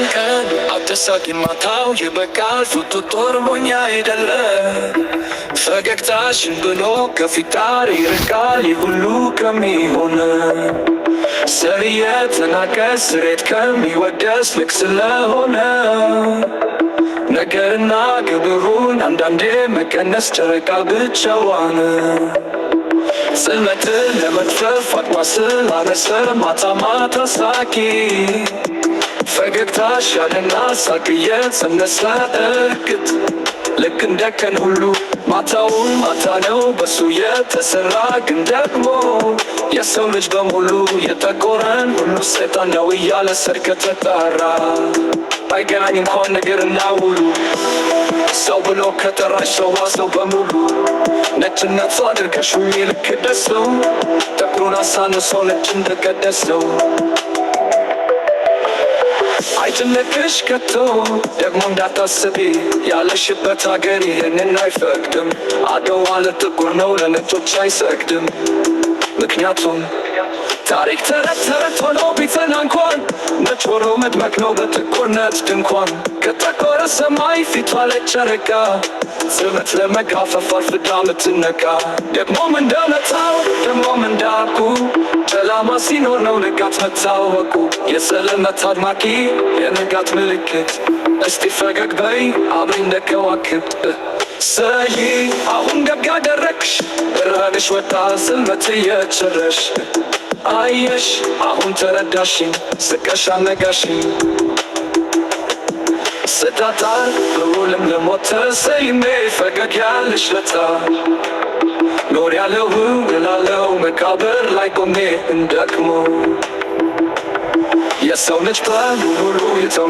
ቀን ቀን አትሳቂን ማታው ይበቃል። ፉቱ ጦር ሞኛ አይደለ ፈገግታሽን ብሎ ከፊታር ይርቃል። ይሁሉ ከሚሆነ ሰው የተናቀስ ስሬት ከሚወደስ ልክ ስለሆነ ነገርና ግብሩን አንዳንዴ መቀነስ ጨረቃ ብቻዋን ጽልመትን ለመጥፈፍ አድማ ስላነሰ ማታ ማታ ሳቂ ፈገግታሽ ያለና ሳቅየ ሰነሳ እርግጥ ልክ እንደ ቀን ሁሉ ማታውን ማታ ነው በሱ የተሰራ ግን ደግሞ የሰው ልጅ በሙሉ የጠቆረን ሁሉ ሰይጣን ነው እያለ ሰርክ ተጠራ አይገናኝ እንኳን ነገር ውሉ ሰው ብሎ ከጠራሽ ሰዋ ሰው በሙሉ ነጭነቱ አድርገሽ ልክ ደሰው ጥቁሩን አሳንሶ ነጭ እንደቀደሰው ትልቅሽ ከቶ ደግሞ እንዳታስቢ ያለሽበት ሀገር ይህንን አይፈቅድም። አድዋ ለጥቁር ነው፣ ለነጮች አይሰግድም። ምክንያቱም ታሪክ ተረት ተረት ሆኖ ቢተና እንኳን ሆኖ መድመቅ ነው በጥቁርነት ድንኳን ከጠቆረ ሰማይ ፊቷ ላይ ጨረቃ ጽበት ለመጋፈፍ አርፍዳ ምትነቃ ደግሞም እንደነጣው ደግሞም እንዳቁ ጨለማ ሲኖር ነው ንጋት መታወቁ የሰለመት አድማቂ የንጋት ምልክት እስቲ ፈገግ በይ አብሪ እንደከዋክብት ሰይ አሁን ደጋ ደረቅሽ ብርሃንሽ ወጣ ስልመት እየቸረሽ አየሽ አሁን ተረዳሽኝ፣ ስቀሽ አነጋሽኝ ስታጣር በውልም ለሞተ ሰይሜ ፈገግ ያለሽ ለታ ኖር ያለው እላለው መቃብር ላይ ቆሜ እንደቅሞ የሰው ልጅ በሙሉ የተው